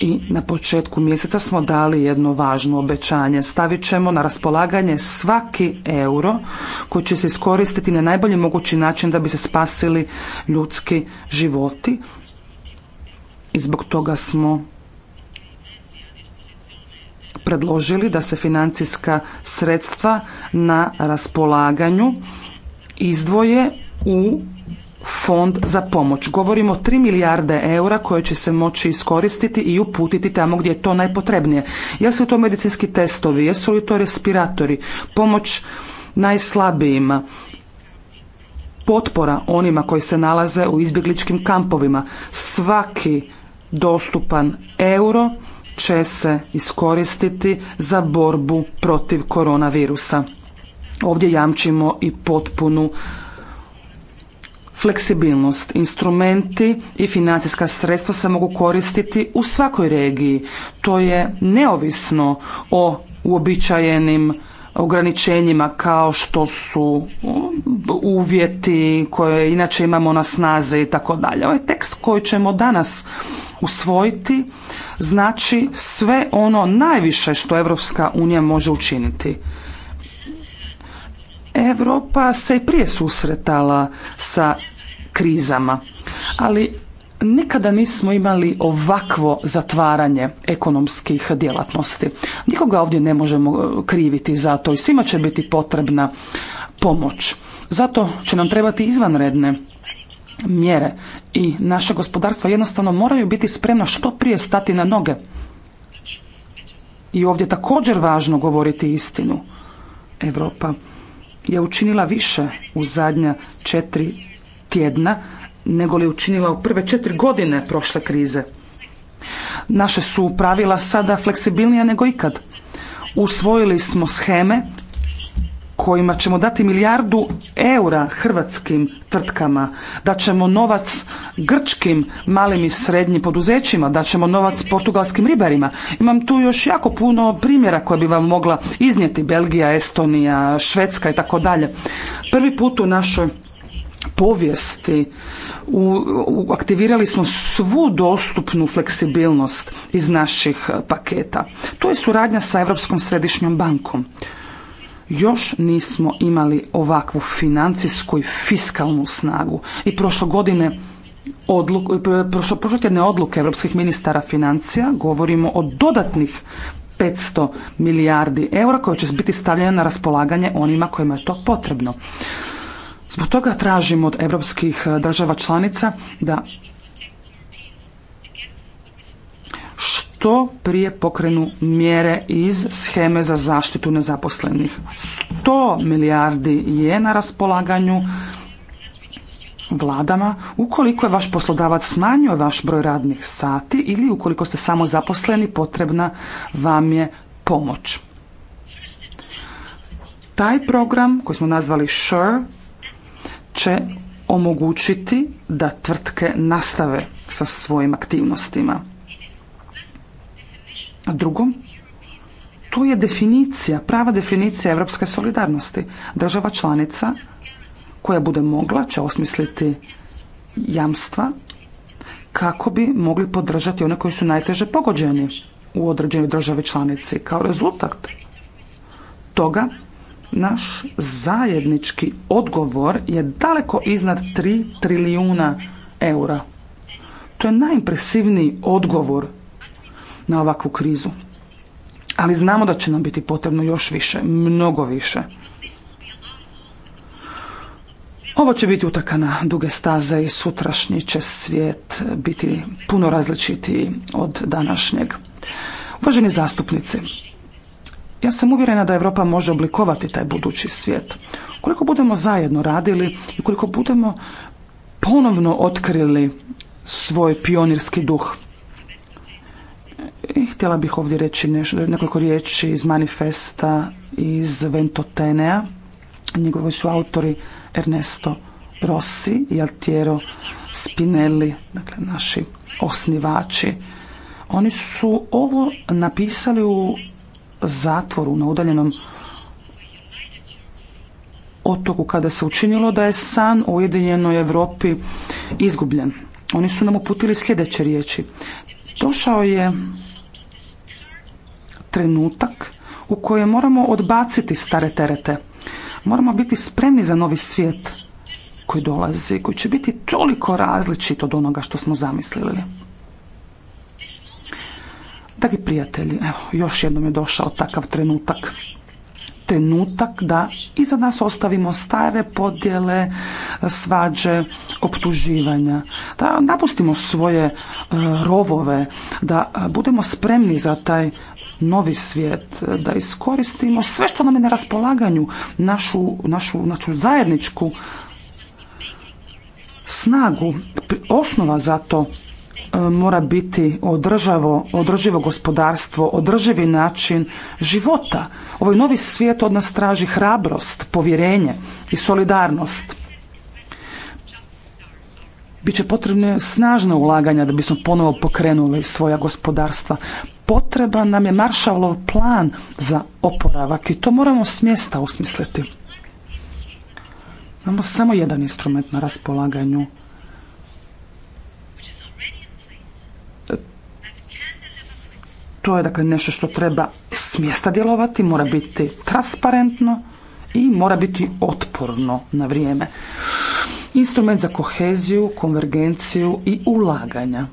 S1: i na početku mjeseca smo dali jedno važno obećanje. Stavit ćemo na raspolaganje svaki euro koji će se iskoristiti na najbolji mogući način da bi se spasili ljudski životi i zbog toga smo predložili da se financijska sredstva na raspolaganju izdvoje u fond za pomoć. Govorimo o 3 milijarde eura koje će se moći iskoristiti i uputiti tamo gdje je to najpotrebnije. Jesu to medicinski testovi, jesu li to respiratori, pomoć najslabijima, potpora onima koji se nalaze u izbjegličkim kampovima. Svaki dostupan euro će se iskoristiti za borbu protiv koronavirusa. Ovdje jamčimo i potpunu Fleksibilnost, instrumenti i financijska sredstva se mogu koristiti u svakoj regiji. To je neovisno o uobičajenim ograničenjima kao što su um, uvjeti koje inače imamo na snazi i tako dalje. Ovaj tekst koji ćemo danas usvojiti znači sve ono najviše što Europska unija može učiniti. Europa se i prije susretala sa krizama, ali nikada nismo imali ovakvo zatvaranje ekonomskih djelatnosti. Nikoga ovdje ne možemo e, kriviti za to i svima će biti potrebna pomoć. Zato će nam trebati izvanredne mjere i naše gospodarstva jednostavno moraju biti spremna što prije stati na noge. I ovdje također važno govoriti istinu. Europa je učinila više u zadnja četiri tjedna nego li je učinila u prve četiri godine prošle krize. Naše su pravila sada fleksibilnija nego ikad. Usvojili smo sheme kojima ćemo dati milijardu eura hrvatskim tvrtkama, da ćemo novac grčkim malim i srednjim poduzećima, da ćemo novac portugalskim ribarima. Imam tu još jako puno primjera koje bi vam mogla iznijeti Belgija, Estonija, Švedska i tako dalje. Prvi put u našoj povijesti u, u, aktivirali smo svu dostupnu fleksibilnost iz naših paketa. To je suradnja sa Europskom središnjom bankom još nismo imali ovakvu financijsku i fiskalnu snagu. I prošle godine odluke europskih ministara financija govorimo o dodatnih 500 milijardi eura koje će biti stavljene na raspolaganje onima kojima je to potrebno. Zbog toga tražimo od europskih država članica da što prije pokrenu mjere iz scheme za zaštitu nezaposlenih. 100 milijardi je na raspolaganju vladama ukoliko je vaš poslodavac smanjio vaš broj radnih sati ili ukoliko ste samo zaposleni potrebna vam je pomoć. Taj program koji smo nazvali SURE će omogućiti da tvrtke nastave sa svojim aktivnostima. Drugo, to je definicija, prava definicija europske solidarnosti. Država članica koja bude mogla će osmisliti jamstva kako bi mogli podržati one koji su najteže pogođeni u određenoj državi članici. Kao rezultat toga naš zajednički odgovor je daleko iznad 3 trilijuna eura. To je najimpresivniji odgovor na ovakvu krizu. Ali znamo da će nam biti potrebno još više, mnogo više. Ovo će biti utaka na duge staze i sutrašnji će svijet biti puno različitiji od današnjeg. Uvaženi zastupnici, ja sam uvjerena da Europa može oblikovati taj budući svijet. Koliko budemo zajedno radili i koliko budemo ponovno otkrili svoj pionirski duh, htjela bih ovdje reći neš, nekoliko riječi iz manifesta iz Ventotenea. Njegovi su autori Ernesto Rossi i Altiero Spinelli, dakle naši osnivači. Oni su ovo napisali u zatvoru na udaljenom otoku kada se učinilo da je san u Ujedinjenoj Europi izgubljen. Oni su nam uputili sljedeće riječi. Došao je trenutak u kojem moramo odbaciti stare terete. Moramo biti spremni za novi svijet koji dolazi, koji će biti toliko različit od onoga što smo zamislili. Dragi prijatelji, evo, još jednom je došao takav trenutak. Trenutak da iza nas ostavimo stare podjele, svađe, optuživanja. Da napustimo svoje e, rovove, da e, budemo spremni za taj novi svijet, da iskoristimo sve što nam je na raspolaganju, našu, našu, našu zajedničku snagu. Osnova za to e, mora biti održavo, održivo gospodarstvo, održivi način života. Ovaj novi svijet od nas traži hrabrost, povjerenje i solidarnost. Biće potrebne snažna ulaganja da bismo ponovo pokrenuli svoja gospodarstva. Potreban nam je Maršalov plan za oporavak i to moramo s mjesta osmisliti. Imamo samo jedan instrument na raspolaganju. To je dakle nešto što treba s mjesta djelovati, mora biti transparentno i mora biti otporno na vrijeme instrument za koheziju, konvergenciju i ulaganja.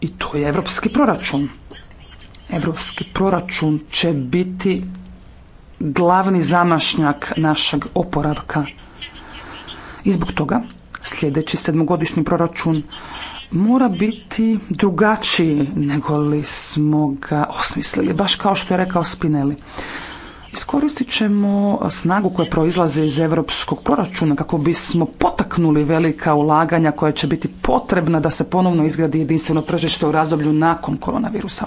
S1: I to je evropski proračun. Evropski proračun će biti glavni zamašnjak našeg oporavka. I zbog toga sljedeći sedmogodišnji proračun mora biti drugačiji nego li smo ga osmislili, baš kao što je rekao Spinelli. Iskoristit ćemo snagu koja proizlazi iz europskog proračuna kako bismo potaknuli velika ulaganja koja će biti potrebna da se ponovno izgradi jedinstveno tržište u razdoblju nakon koronavirusa.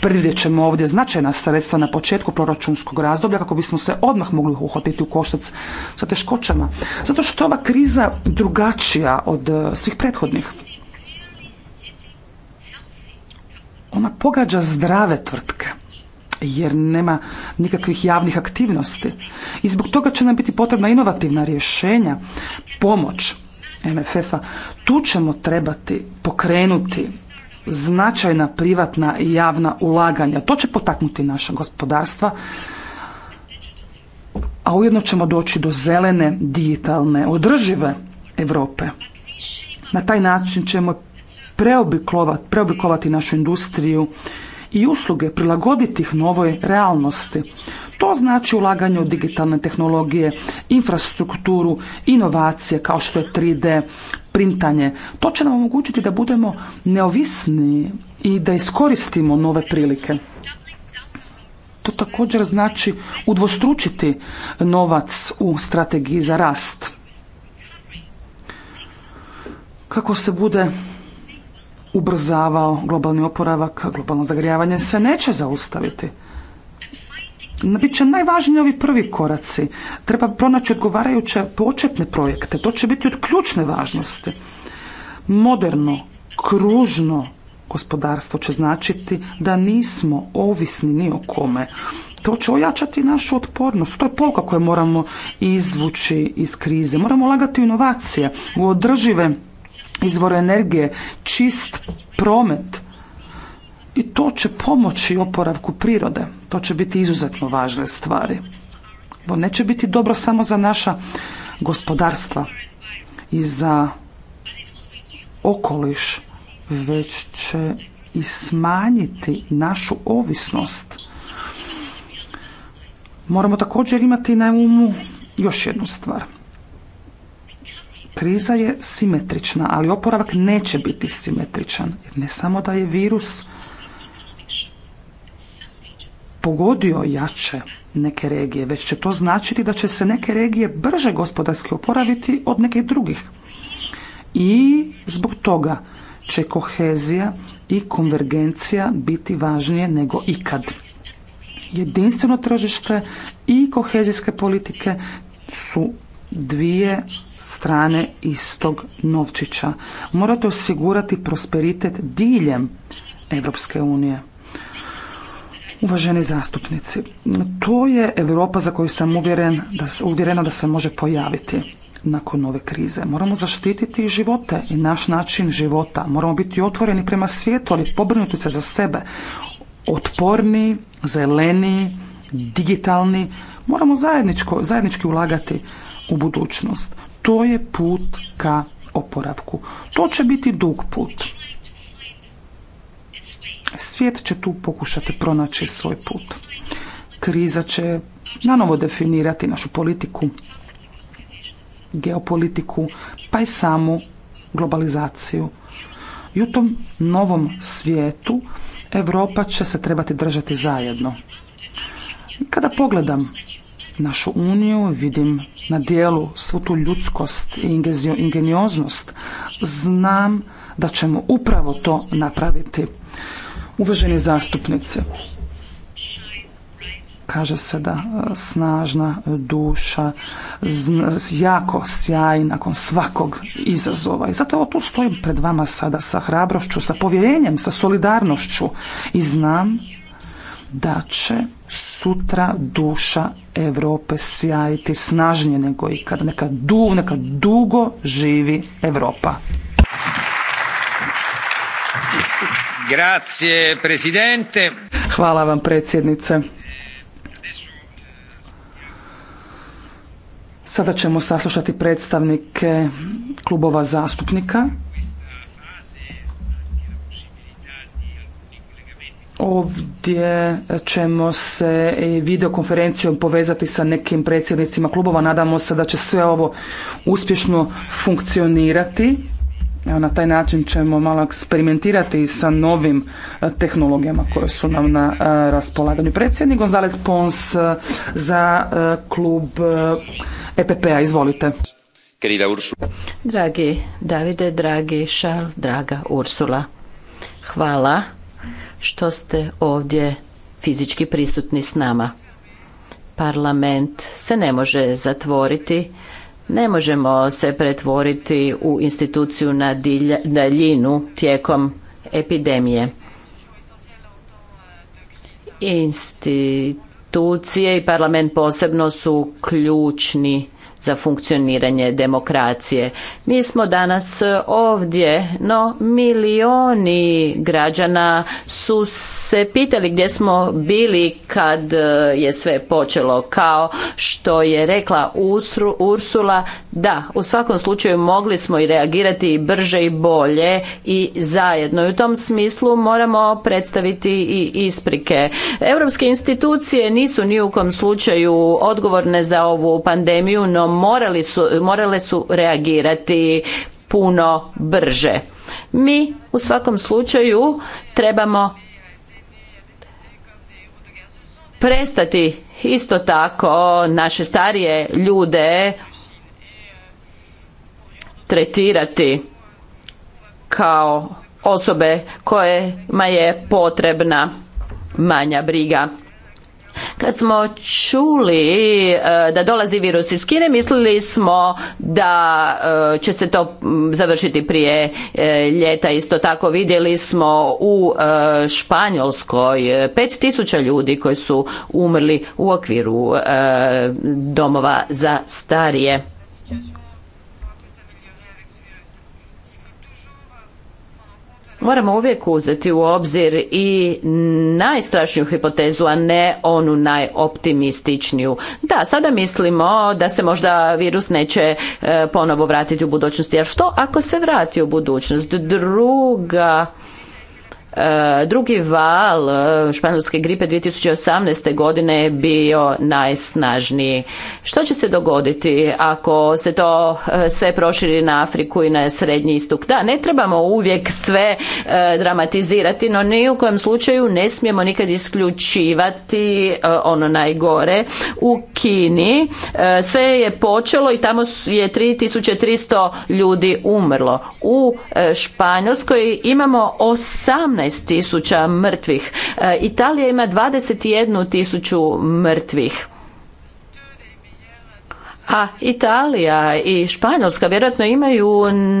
S1: Predvidjet ćemo ovdje značajna sredstva na početku proračunskog razdoblja kako bismo se odmah mogli uhvatiti u koštac sa teškoćama. Zato što je ova kriza drugačija od e, svih prethodnih. Ona pogađa zdrave tvrtke jer nema nikakvih javnih aktivnosti. I zbog toga će nam biti potrebna inovativna rješenja, pomoć MFF-a. Tu ćemo trebati pokrenuti značajna privatna i javna ulaganja. To će potaknuti naša gospodarstva, a ujedno ćemo doći do zelene, digitalne, održive Europe. Na taj način ćemo preoblikovati našu industriju i usluge prilagoditi ih novoj realnosti. To znači ulaganje u digitalne tehnologije, infrastrukturu, inovacije kao što je 3D, printanje. To će nam omogućiti da budemo neovisni i da iskoristimo nove prilike. To također znači udvostručiti novac u strategiji za rast. Kako se bude ubrzavao globalni oporavak, globalno zagrijavanje se neće zaustaviti. Bit će najvažniji ovi prvi koraci. Treba pronaći odgovarajuće početne projekte. To će biti od ključne važnosti. Moderno, kružno gospodarstvo će značiti da nismo ovisni ni o kome. To će ojačati našu otpornost. To je polka koje moramo izvući iz krize. Moramo ulagati u inovacije, u održive izvore energije, čist promet. I to će pomoći oporavku prirode. To će biti izuzetno važne stvari. Ovo neće biti dobro samo za naša gospodarstva i za okoliš, već će i smanjiti našu ovisnost. Moramo također imati na umu još jednu stvar. Kriza je simetrična, ali oporavak neće biti simetričan. Jer ne samo da je virus pogodio jače neke regije, već će to značiti da će se neke regije brže gospodarski oporaviti od nekih drugih. I zbog toga će kohezija i konvergencija biti važnije nego ikad. Jedinstveno tržište i kohezijske politike su dvije strane istog novčića. Morate osigurati prosperitet diljem Europske unije. Uvaženi zastupnici, to je Europa za koju sam uvjeren da, uvjerena da se može pojaviti nakon ove krize. Moramo zaštititi živote i naš način života. Moramo biti otvoreni prema svijetu, ali pobrinuti se za sebe. Otporni, zeleni, digitalni. Moramo zajednički ulagati u budućnost. To je put ka oporavku. To će biti dug put. Svijet će tu pokušati pronaći svoj put. Kriza će nanovo definirati našu politiku, geopolitiku, pa i samu globalizaciju. I u tom novom svijetu Europa će se trebati držati zajedno. Kada pogledam našu uniju, vidim na dijelu svu tu ljudskost i ingenioznost. Znam da ćemo upravo to napraviti. Uvaženi zastupnici, kaže se da e, snažna duša jako sjaji nakon svakog izazova. I zato ovo tu stojim pred vama sada sa hrabrošću, sa povjerenjem, sa solidarnošću i znam da će sutra duša Europe sjajiti snažnije nego ikad. Neka, du, dugo živi Europa. Grazie, presidente. Hvala vam, predsjednice. Sada ćemo saslušati predstavnike klubova zastupnika. Ovdje ćemo se videokonferencijom povezati sa nekim predsjednicima klubova. Nadamo se da će sve ovo uspješno funkcionirati. Evo, na taj način ćemo malo eksperimentirati sa novim e, tehnologijama koje su nam na e, raspolaganju. Predsjednik Gonzales Pons e, za klub EPP-a. Izvolite.
S2: Dragi Davide, dragi Šal, draga Ursula. Hvala što ste ovdje fizički prisutni s nama. Parlament se ne može zatvoriti, ne možemo se pretvoriti u instituciju na daljinu tijekom epidemije. Institucije i parlament posebno su ključni za funkcioniranje demokracije. Mi smo danas ovdje, no milioni građana su se pitali gdje smo bili kad e, je sve počelo. Kao što je rekla Ursula, da, u svakom slučaju mogli smo i reagirati i brže i bolje i zajedno. I u tom smislu moramo predstaviti i isprike. Europske institucije nisu ni u kom slučaju odgovorne za ovu pandemiju, no morali su, morale su reagirati puno brže. Mi u svakom slučaju trebamo prestati isto tako naše starije ljude tretirati kao osobe kojima je potrebna manja briga. Kad smo čuli e, da dolazi virus iz Kine, mislili smo da e, će se to završiti prije e, ljeta. Isto tako vidjeli smo u Španjolskoj 5000 ljudi koji su umrli u okviru domova za starije. Moramo uvijek uzeti u obzir i najstrašniju hipotezu, a ne onu najoptimističniju. Da, sada mislimo da se možda virus neće e, ponovo vratiti u budućnost, jer što ako se vrati u budućnost? Druga E, drugi val e, španjolske gripe 2018. godine je bio najsnažniji. Što će se dogoditi ako se to e, sve proširi na Afriku i na Srednji istok? Da, ne trebamo uvijek sve dramatizirati, no ni u kojem slučaju ne smijemo nikad isključivati ono najgore. U Kini sve je počelo i tamo je 3300 ljudi umrlo. U Španjolskoj imamo 18 17 tisuća mrtvih. E, Italija ima 21 tisuću mrtvih a Italija i Španjolska vjerojatno imaju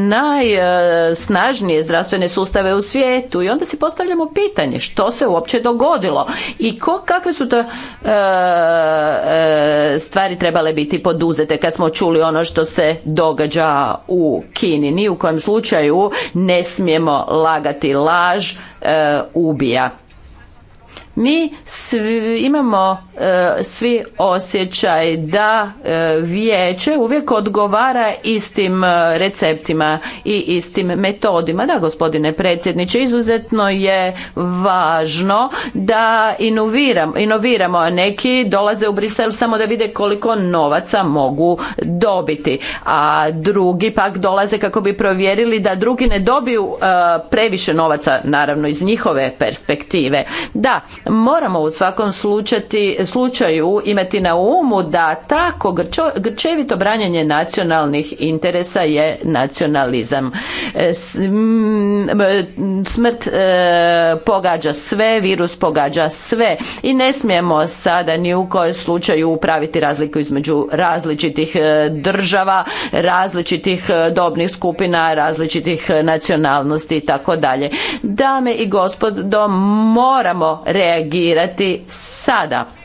S2: najsnažnije zdravstvene sustave u svijetu i onda si postavljamo pitanje što se uopće dogodilo i ko, kakve su to e, e, stvari trebale biti poduzete kad smo čuli ono što se događa u Kini. Ni u kojem slučaju ne smijemo lagati laž e, ubija. Mi imamo e, svi osjećaj da e, vijeće uvijek odgovara istim e, receptima i istim metodima. Da, gospodine predsjedniče, izuzetno je važno da inoviram, inoviramo, a neki dolaze u Brisel samo da vide koliko novaca mogu dobiti, a drugi pak dolaze kako bi provjerili da drugi ne dobiju e, previše novaca, naravno iz njihove perspektive. Da, Moramo u svakom slučaju imati na umu da tako grčevito branjenje nacionalnih interesa je nacionalizam. E, smrt e, pogađa sve, virus pogađa sve i ne smijemo sada ni u kojem slučaju upraviti razliku između različitih e, država, različitih dobnih skupina, različitih nacionalnosti i tako dalje. Dame i gospodo, moramo reagirati reagirati sada.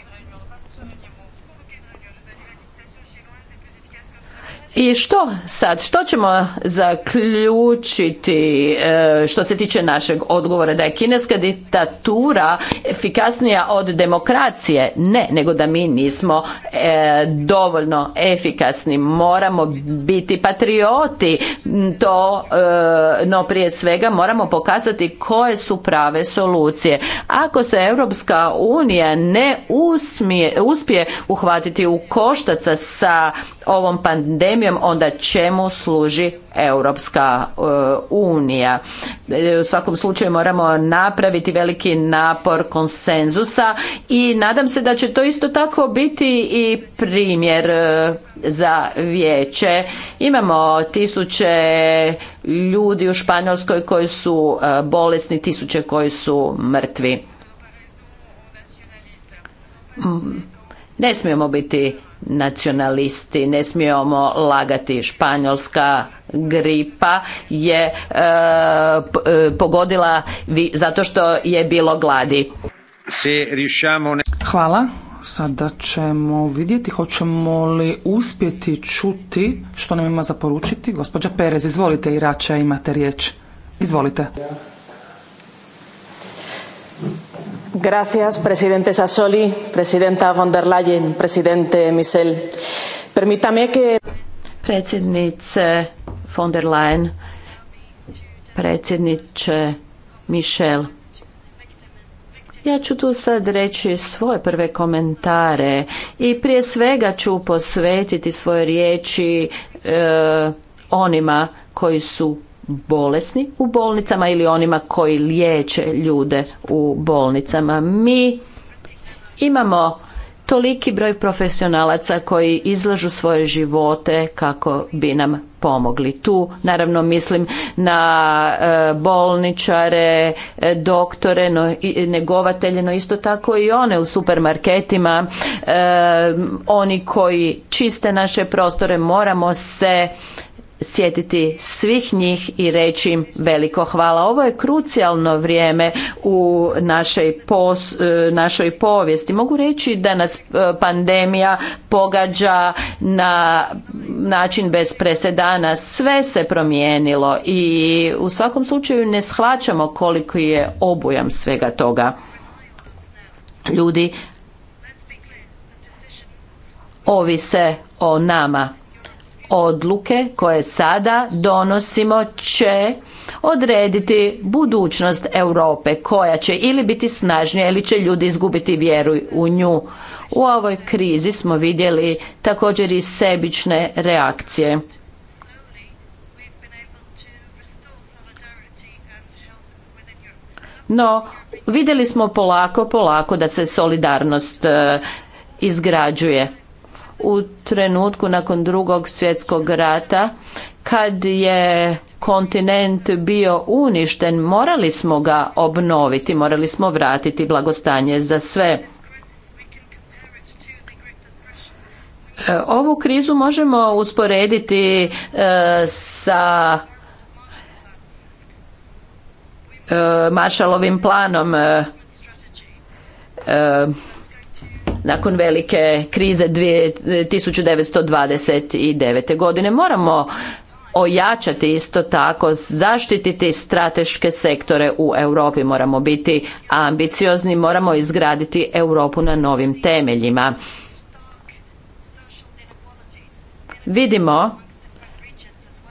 S2: I što sad? Što ćemo zaključiti e, što se tiče našeg odgovora? Da je kineska diktatura efikasnija od demokracije? Ne, nego da mi nismo e, dovoljno efikasni. Moramo biti patrioti. Mm, to, e, no prije svega moramo pokazati koje su prave solucije. Ako se Europska unija ne uspije uhvatiti u koštaca sa ovom pandemijom, onda čemu služi Europska e, unija. E, u svakom slučaju moramo napraviti veliki napor konsenzusa i nadam se da će to isto tako biti i primjer e, za vijeće. Imamo tisuće ljudi u Španjolskoj koji su bolesni, tisuće koji su mrtvi. Ne smijemo biti nacionalisti, ne smijemo lagati. Španjolska gripa je e, e, pogodila zato što je bilo gladi.
S1: Hvala. Sada ćemo vidjeti hoćemo li uspjeti čuti što nam ima za poručiti. Gospođa Perez, izvolite Irača, imate riječ. Izvolite.
S2: Gracias, presidente Sassoli, presidenta von der Leyen, presidente Michel. Permítame que... Predsjednice von der Leyen, predsjedniče Michel, ja ću tu sad reći svoje prve komentare i prije svega ću posvetiti svoje riječi e, onima koji su bolesni u bolnicama ili onima koji liječe ljude u bolnicama. Mi imamo toliki broj profesionalaca koji izlažu svoje živote kako bi nam pomogli. Tu naravno mislim na e, bolničare, e, doktore, no, negovatelje, no isto tako i one u supermarketima, e, oni koji čiste naše prostore, moramo se sjetiti svih njih i reći im veliko hvala. Ovo je krucijalno vrijeme u našoj, e, našoj povijesti. Mogu reći da nas e, pandemija pogađa na način bez presedana. Sve se promijenilo i u svakom slučaju ne shvaćamo koliko je obujam svega toga. Ljudi ovise o nama odluke koje sada donosimo će odrediti budućnost Europe koja će ili biti snažnija ili će ljudi izgubiti vjeru u nju. U ovoj krizi smo vidjeli također i sebične reakcije. No, vidjeli smo polako, polako da se solidarnost e, izgrađuje u trenutku nakon drugog svjetskog rata kad je kontinent bio uništen morali smo ga obnoviti morali smo vratiti blagostanje za sve e, ovu krizu možemo usporediti e, sa e, maršalovim planom nakon velike krize 1929. godine. Moramo ojačati isto tako, zaštititi strateške sektore u Europi. Moramo biti ambiciozni, moramo izgraditi Europu na novim temeljima. Vidimo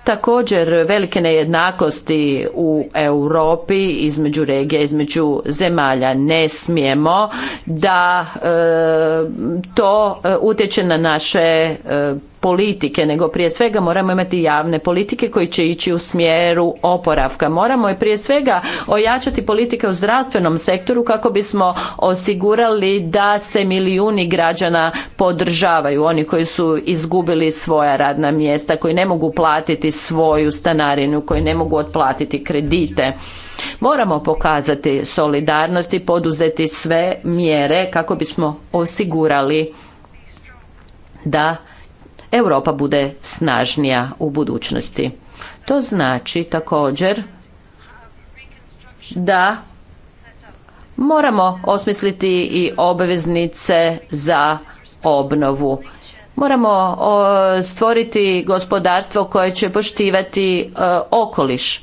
S2: također velike nejednakosti u Europi između regija, između zemalja. Ne smijemo da e, to e, utječe na naše e, politike, nego prije svega moramo imati javne politike koji će ići u smjeru oporavka. Moramo je prije svega ojačati politike u zdravstvenom sektoru kako bismo osigurali da se milijuni građana podržavaju, oni koji su izgubili svoja radna mjesta, koji ne mogu platiti svoju stanarinu, koji ne mogu otplatiti kredite. Moramo pokazati solidarnost i poduzeti sve mjere kako bismo osigurali da Europa bude snažnija u budućnosti. To znači također da moramo osmisliti i obveznice za obnovu. Moramo stvoriti gospodarstvo koje će poštivati e, okoliš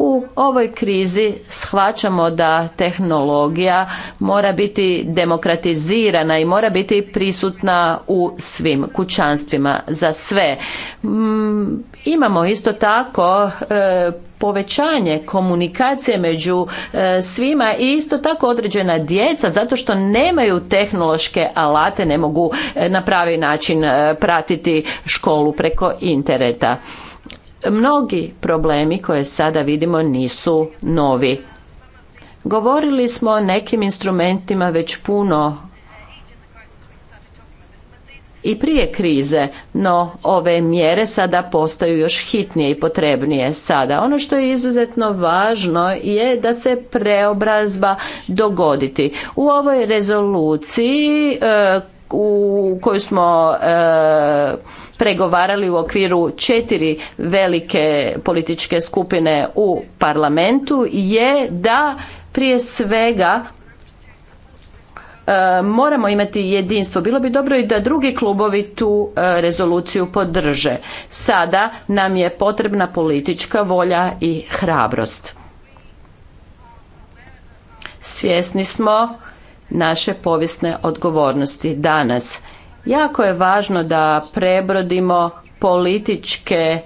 S2: u ovoj krizi shvaćamo da tehnologija mora biti demokratizirana i mora biti prisutna u svim kućanstvima za sve. Mm, imamo isto tako e, povećanje komunikacije među e, svima i isto tako određena djeca zato što nemaju tehnološke alate ne mogu e, na pravi način pratiti školu preko interneta. Mnogi problemi koje sada vidimo nisu novi. Govorili smo o nekim instrumentima već puno i prije krize, no ove mjere sada postaju još hitnije i potrebnije sada. Ono što je izuzetno važno je da se preobrazba dogoditi. U ovoj rezoluciji e, u koju smo e, pregovarali u okviru četiri velike političke skupine u parlamentu je da prije svega e, moramo imati jedinstvo. Bilo bi dobro i da drugi klubovi tu e, rezoluciju podrže. Sada nam je potrebna politička volja i hrabrost. Svjesni smo naše povijesne odgovornosti danas Jako je važno da prebrodimo političke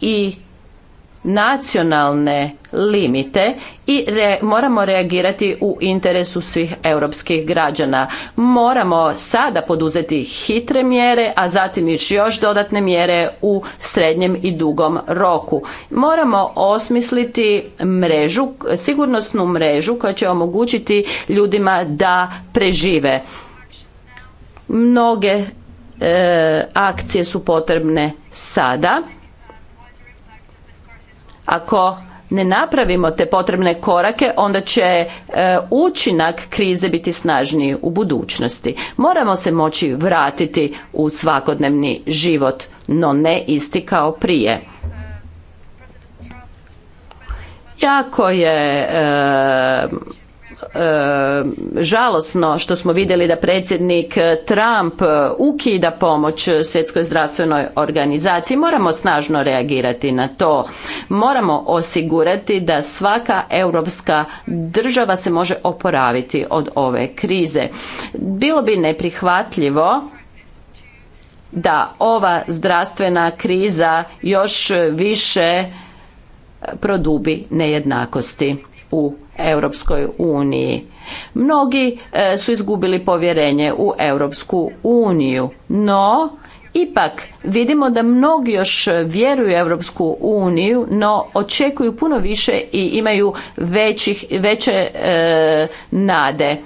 S2: i nacionalne limite i moramo reagirati u interesu svih europskih građana. Moramo sada poduzeti hitre mjere, a zatim ići još dodatne mjere u srednjem i dugom roku. Moramo osmisliti mrežu, sigurnosnu mrežu koja će omogućiti ljudima da prežive. Mnoge e, akcije su potrebne sada. Ako ne napravimo te potrebne korake, onda će e, učinak krize biti snažniji u budućnosti. Moramo se moći vratiti u svakodnevni život, no ne isti kao prije. Jako je e, E, žalosno što smo vidjeli da predsjednik Trump e, ukida pomoć svjetskoj zdravstvenoj organizaciji. Moramo snažno reagirati na to. Moramo osigurati da svaka europska država se može oporaviti od ove krize. Bilo bi neprihvatljivo da ova zdravstvena kriza još više produbi nejednakosti u Europskoj uniji. Mnogi e, su izgubili povjerenje u Europsku uniju, no ipak vidimo da mnogi još vjeruju u Europsku uniju, no očekuju puno više i imaju većih, veće e, nade.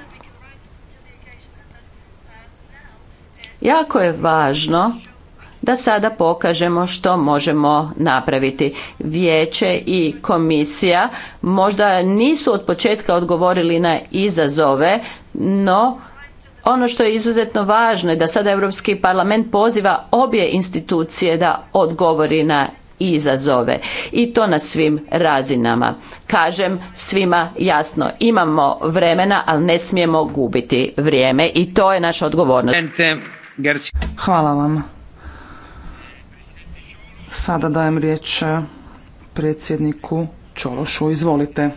S2: Jako je važno da sada pokažemo što možemo napraviti. Vijeće i komisija možda nisu od početka odgovorili na izazove, no ono što je izuzetno važno je da sada Europski parlament poziva obje institucije da odgovori na izazove i to na svim razinama. Kažem svima jasno, imamo vremena, ali ne smijemo gubiti vrijeme i to je naša odgovornost.
S1: Hvala vam. Sada dajem riječ predsjedniku Čološu. Izvolite.